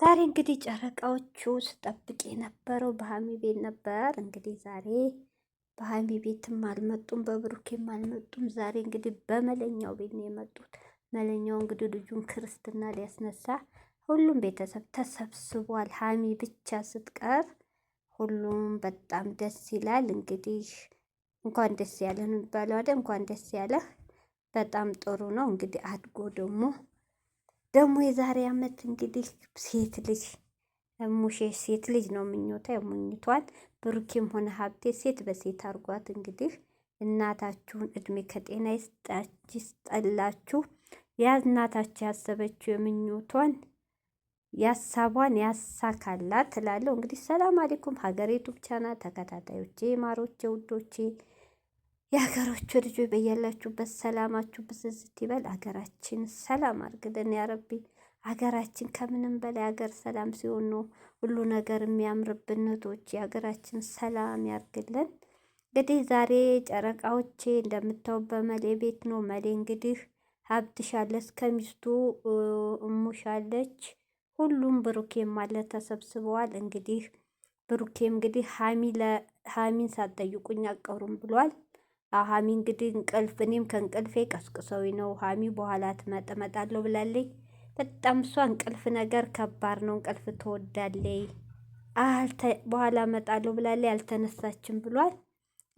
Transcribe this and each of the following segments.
ዛሬ እንግዲህ ጨረቃዎቹ ስጠብቅ የነበረው በሀሚ ቤት ነበር። እንግዲህ ዛሬ በሀሚ ቤትም አልመጡም፣ በብሩኬም አልመጡም። ዛሬ እንግዲህ በመለኛው ቤት ነው የመጡት። መለኛው እንግዲህ ልጁን ክርስትና ሊያስነሳ ሁሉም ቤተሰብ ተሰብስቧል። ሀሚ ብቻ ስትቀር ሁሉም በጣም ደስ ይላል። እንግዲህ እንኳን ደስ ያለን የሚባለው አይደል? እንኳን ደስ ያለህ በጣም ጥሩ ነው። እንግዲህ አድጎ ደግሞ ደግሞ የዛሬ አመት እንግዲህ ሴት ልጅ ሙሼ ሴት ልጅ ነው ምኞታ የሙኝቷል። ብሩኪም ሆነ ሀብቴ ሴት በሴት አርጓት እንግዲህ እናታችሁን እድሜ ከጤና ይስጠላችሁ። ያ እናታችሁ ያሰበችው የምኞቷን ያሳቧን ያሳካላት ትላለው። እንግዲህ ሰላም አሌኩም ሀገሬቱ ብቻና ተከታታዮቼ፣ ማሮቼ፣ ውዶቼ የሀገሮቹ ልጆች በያላችሁበት ሰላማችሁ ብዝዝት ይበል። አገራችን ሰላም አርግልን ያረቢ። አገራችን ከምንም በላይ አገር ሰላም ሲሆን ነው ሁሉ ነገር የሚያምርብን። የሀገራችን ሰላም ያርግልን። እንግዲህ ዛሬ ጨረቃዎቼ እንደምታው በመሌ ቤት ነው። መሌ እንግዲህ ሀብትሻለች ከሚስቱ እሙሻለች ሁሉም ብሩኬም ማለ ተሰብስበዋል። እንግዲህ ብሩኬም እንግዲህ ሀሚን ሳትጠይቁኝ አቀሩም ብሏል። ሀሚ እንግዲህ እንቅልፍ እኔም ከእንቅልፌ ቀስቅሰዊ ነው። ሀሚ በኋላ ትመጠመጣለሁ ብላለች። በጣም እሷ እንቅልፍ ነገር ከባድ ነው። እንቅልፍ ትወዳለይ። በኋላ መጣለሁ ብላለች። አልተነሳችም ብሏል።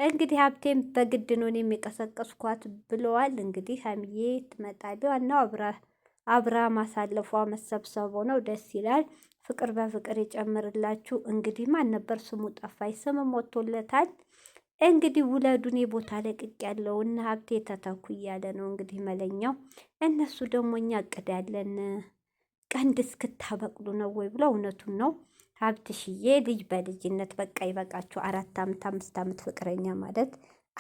እንግዲህ ሀብቴም በግድ ነው እኔም የቀሰቀስኳት ብለዋል። እንግዲህ ሀሚዬ ትመጣለች። ዋናው አብራ አብራ ማሳለፏ መሰብሰቡ ነው። ደስ ይላል። ፍቅር በፍቅር ይጨምርላችሁ። እንግዲህ ማን ነበር ስሙ ጠፋኝ፣ ስምም ወጥቶለታል። እንግዲህ ውለዱኔ ቦታ ለቅቅ ያለው እና ሀብቴ ተተኩ እያለ ነው እንግዲህ መለኛው። እነሱ ደግሞ እኛ እቅድ ያለን ቀንድ እስክታበቅሉ ነው ወይ ብሎ እውነቱን ነው ሀብትሽዬ ልጅ በልጅነት በቃ ይበቃችሁ። አራት ዓመት አምስት ዓመት ፍቅረኛ ማለት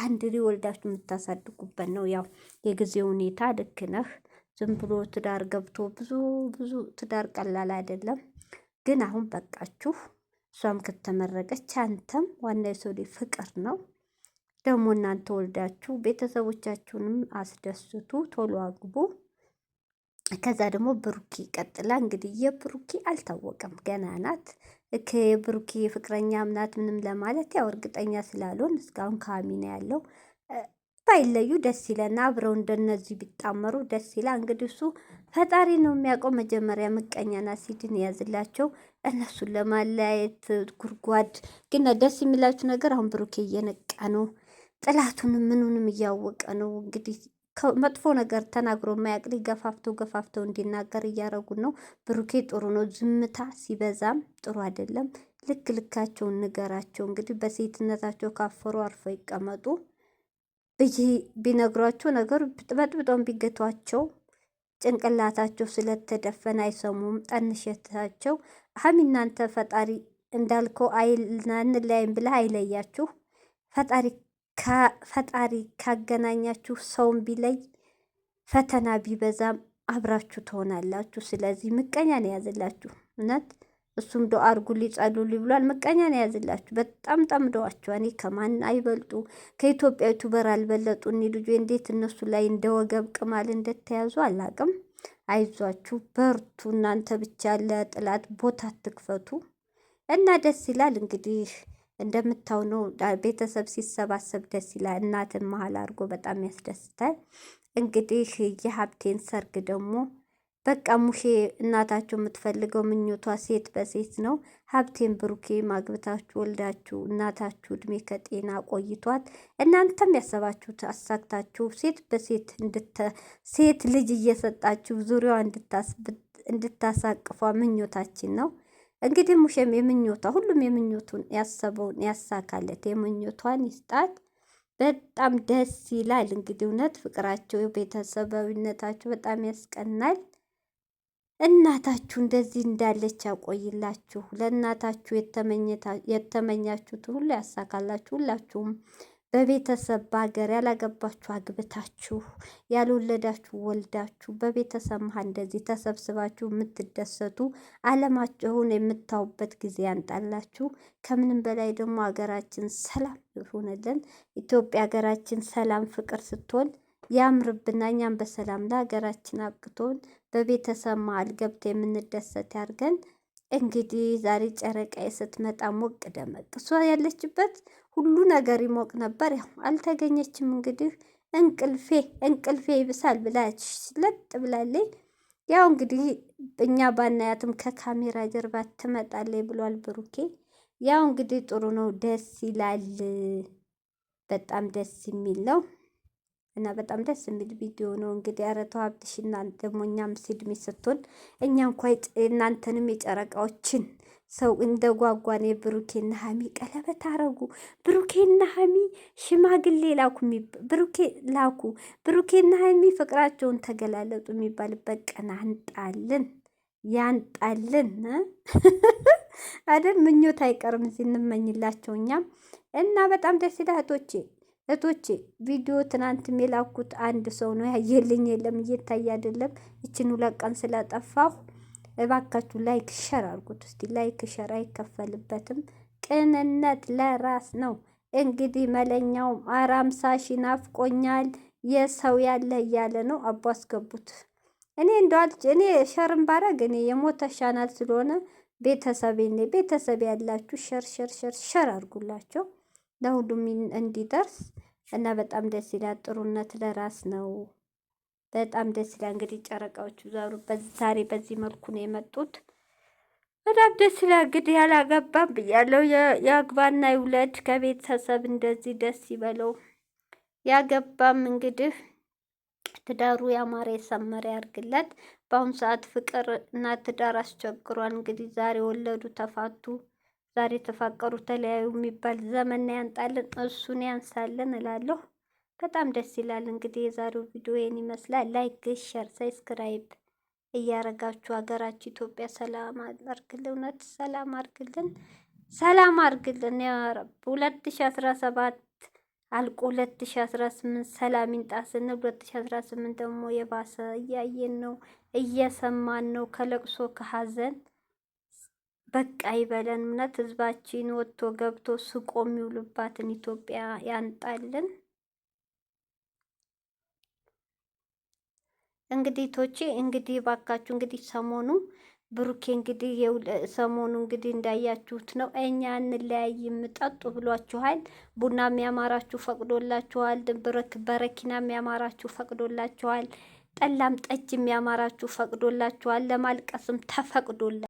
አንድ ሪ ወልዳችሁ የምታሳድጉበት ነው። ያው የጊዜ ሁኔታ ልክ ነህ። ዝም ብሎ ትዳር ገብቶ ብዙ ብዙ ትዳር ቀላል አይደለም። ግን አሁን በቃችሁ። እሷም ከተመረቀች አንተም ዋና የሰው ልጅ ፍቅር ነው። ደግሞ እናንተ ወልዳችሁ ቤተሰቦቻችሁንም አስደስቱ። ቶሎ አግቡ። ከዛ ደግሞ ብሩኪ ቀጥላ እንግዲህ የብሩኪ አልታወቀም፣ ገና ናት። የብሩኪ ፍቅረኛ ምናት ምንም ለማለት ያው እርግጠኛ ስላልሆን እስካሁን ከአሚና ያለው ባይለዩ ደስ ይለና አብረው እንደነዚህ ቢጣመሩ ደስ ይላ። እንግዲህ እሱ ፈጣሪ ነው የሚያውቀው። መጀመሪያ ምቀኛና ሲድን የያዝላቸው እነሱን ለማለያየት ጉድጓድ። ግን ደስ የሚላችሁ ነገር አሁን ብሩኬ እየነቃ ነው። ጥላቱን ምኑንም እያወቀ ነው እንግዲህ መጥፎ ነገር ተናግሮ ማያቅል ገፋፍተው ገፋፍተው እንዲናገር እያረጉ ነው። ብሩኬ ጥሩ ነው፣ ዝምታ ሲበዛም ጥሩ አይደለም። ልክ ልካቸውን ንገራቸው። እንግዲህ በሴትነታቸው ካፈሩ አርፈው ይቀመጡ ብዬ ቢነግሯቸው ነገሩ በጥብጦን ቢገቷቸው ጭንቅላታቸው ስለተደፈነ አይሰሙም። ጠንሸታቸው ሀሚ እናንተ ፈጣሪ እንዳልከው አንለያይም ብለህ አይለያችሁ ፈጣሪ ከፈጣሪ ካገናኛችሁ ሰውን ቢለይ ፈተና ቢበዛም አብራችሁ ትሆናላችሁ። ስለዚህ ምቀኛ ነው የያዘላችሁ። እውነት እሱም ዶ አርጉ ጸሉል ብሏል። ምቀኛ ነው የያዘላችሁ። በጣም ጠምደዋቸው እኔ ከማን አይበልጡ ከኢትዮጵያ ዩቱበር አልበለጡ። እኒ ልጆ እንዴት እነሱ ላይ እንደ ወገብ ቅማል እንደተያዙ አላቅም። አይዟችሁ በርቱ። እናንተ ብቻ ለጥላት ቦታ አትክፈቱ እና ደስ ይላል እንግዲህ እንደምታው ነው። ቤተሰብ ሲሰባሰብ ደስ ይላል። እናትን መሀል አድርጎ በጣም ያስደስታል። እንግዲህ የሀብቴን ሰርግ ደግሞ በቃ ሙሼ እናታቸው የምትፈልገው ምኞቷ ሴት በሴት ነው። ሀብቴን ብሩኬ ማግብታችሁ ወልዳችሁ እናታችሁ እድሜ ከጤና ቆይቷት እናንተም ያሰባችሁት አሳክታችሁ ሴት በሴት ሴት ልጅ እየሰጣችሁ ዙሪያዋ እንድታሳቅፏ ምኞታችን ነው። እንግዲህ ሙሽም የምኞቷ ሁሉም የምኞቱን ያሰበውን ያሳካለት የምኞቷን ይስጣት። በጣም ደስ ይላል። እንግዲህ እውነት ፍቅራቸው፣ ቤተሰባዊነታቸው በጣም ያስቀናል። እናታችሁ እንደዚህ እንዳለች ያቆይላችሁ። ለእናታችሁ የተመኛችሁትን ሁሉ ያሳካላችሁ። ሁላችሁም በቤተሰብ በሀገር ያላገባችሁ አግብታችሁ ያልወለዳችሁ ወልዳችሁ በቤተሰብ መሀል እንደዚህ ተሰብስባችሁ የምትደሰቱ አለማቸሁን የምታውበት ጊዜ ያንጣላችሁ። ከምንም በላይ ደግሞ ሀገራችን ሰላም ይሁንልን። ኢትዮጵያ ሀገራችን ሰላም ፍቅር ስትሆን ያምርብና እኛም በሰላም ለሀገራችን አብቅቶን በቤተሰብ መሀል ገብተ የምንደሰት ያርገን። እንግዲህ ዛሬ ጨረቃ ስትመጣ ሞቅ ደመቅ እሷ ያለችበት ሁሉ ነገር ይሞቅ ነበር። ያው አልተገኘችም። እንግዲህ እንቅልፌ እንቅልፌ ይብሳል ብላች ለጥ ብላለይ። ያው እንግዲህ እኛ ባናያትም ከካሜራ ጀርባ ትመጣለች ብሏል ብሩኬ። ያው እንግዲህ ጥሩ ነው፣ ደስ ይላል። በጣም ደስ የሚል ነው እና በጣም ደስ የሚል ቪዲዮ ነው። እንግዲህ አረቶ ሀብትሽ እና ደግሞ እኛም ሲድሜ ስትሆን እኛ እንኳ እናንተንም የጨረቃዎችን ሰው እንደ ጓጓኔ ብሩኬና ሀሚ ቀለበት አረጉ። ብሩኬና ሀሚ ሽማግሌ ላኩ፣ ብሩኬ ላኩ፣ ብሩኬና ሀሚ ፍቅራቸውን ተገላለጡ የሚባልበት ቀን አንጣልን፣ ያንጣልን አይደል? ምኞት አይቀርም እንመኝላቸው እኛም እና በጣም ደስ ይላል እህቶቼ እህቶቼ ቪዲዮ ትናንት የላኩት አንድ ሰው ነው ያየልኝ። የለም እየታይ አይደለም። ይችን ሁለት ቀን ስለጠፋሁ እባካችሁ ላይክ ሸር አርጉት እስቲ ላይክ ሸር አይከፈልበትም። ቅንነት ለራስ ነው። እንግዲህ መለኛው አራምሳ ሺ ናፍቆኛል የሰው ያለ እያለ ነው። አቦ አስገቡት። እኔ እንደዋል እኔ ሸርን ባረግ እኔ የሞተ ሻናል ስለሆነ ቤተሰብ ኔ ቤተሰብ ያላችሁ ሸር ሸር ሸር ሸር አርጉላቸው ለሁሉም እንዲደርስ እና በጣም ደስ ይላል። ጥሩነት ለራስ ነው። በጣም ደስ ይላል። እንግዲህ ጨረቃዎቹ ዛሩ ዛሬ በዚህ መልኩ ነው የመጡት። በጣም ደስ ይላል። እንግዲህ ያላገባም ብያለው፣ የአግባና ይውለድ ከቤተሰብ እንደዚህ ደስ ይበለው። ያገባም እንግዲህ ትዳሩ ያማረ የሰመረ ያርግለት። በአሁኑ ሰዓት ፍቅር እና ትዳር አስቸግሯል። እንግዲህ ዛሬ ወለዱ፣ ተፋቱ፣ ዛሬ ተፋቀሩ፣ ተለያዩ የሚባል ዘመን ያንጣልን፣ እሱን ያንሳልን እላለሁ። በጣም ደስ ይላል። እንግዲህ የዛሬው ቪዲዮ ይህን ይመስላል። ላይክ፣ ሸር፣ ሰብስክራይብ እያረጋችሁ ሀገራችን ኢትዮጵያ ሰላም አርግልን። እውነት ሰላም አርግልን፣ ሰላም አርግልን። ሁለት ሺ አስራ ሰባት አልቆ ሁለት ሺ አስራ ስምንት ሰላም ይምጣ ስንል ሁለት ሺ አስራ ስምንት ደግሞ የባሰ እያየን ነው እየሰማን ነው። ከለቅሶ ከሀዘን በቃ ይበለን። እምነት ህዝባችን ወጥቶ ገብቶ ስቆ የሚውልባትን ኢትዮጵያ ያንጣልን። እንግዲህ ቶቼ እንግዲህ ባካችሁ እንግዲህ ሰሞኑ ብሩኬ እንግዲህ ሰሞኑ እንግዲህ እንዳያችሁት ነው። እኛ እንለያይም ጠጡ ብሏችኋል። ቡና የሚያማራችሁ ፈቅዶላችኋል። ብረክ በረኪና የሚያማራችሁ ፈቅዶላችኋል። ጠላም ጠጅ የሚያማራችሁ ፈቅዶላችኋል። ለማልቀስም ተፈቅዶላ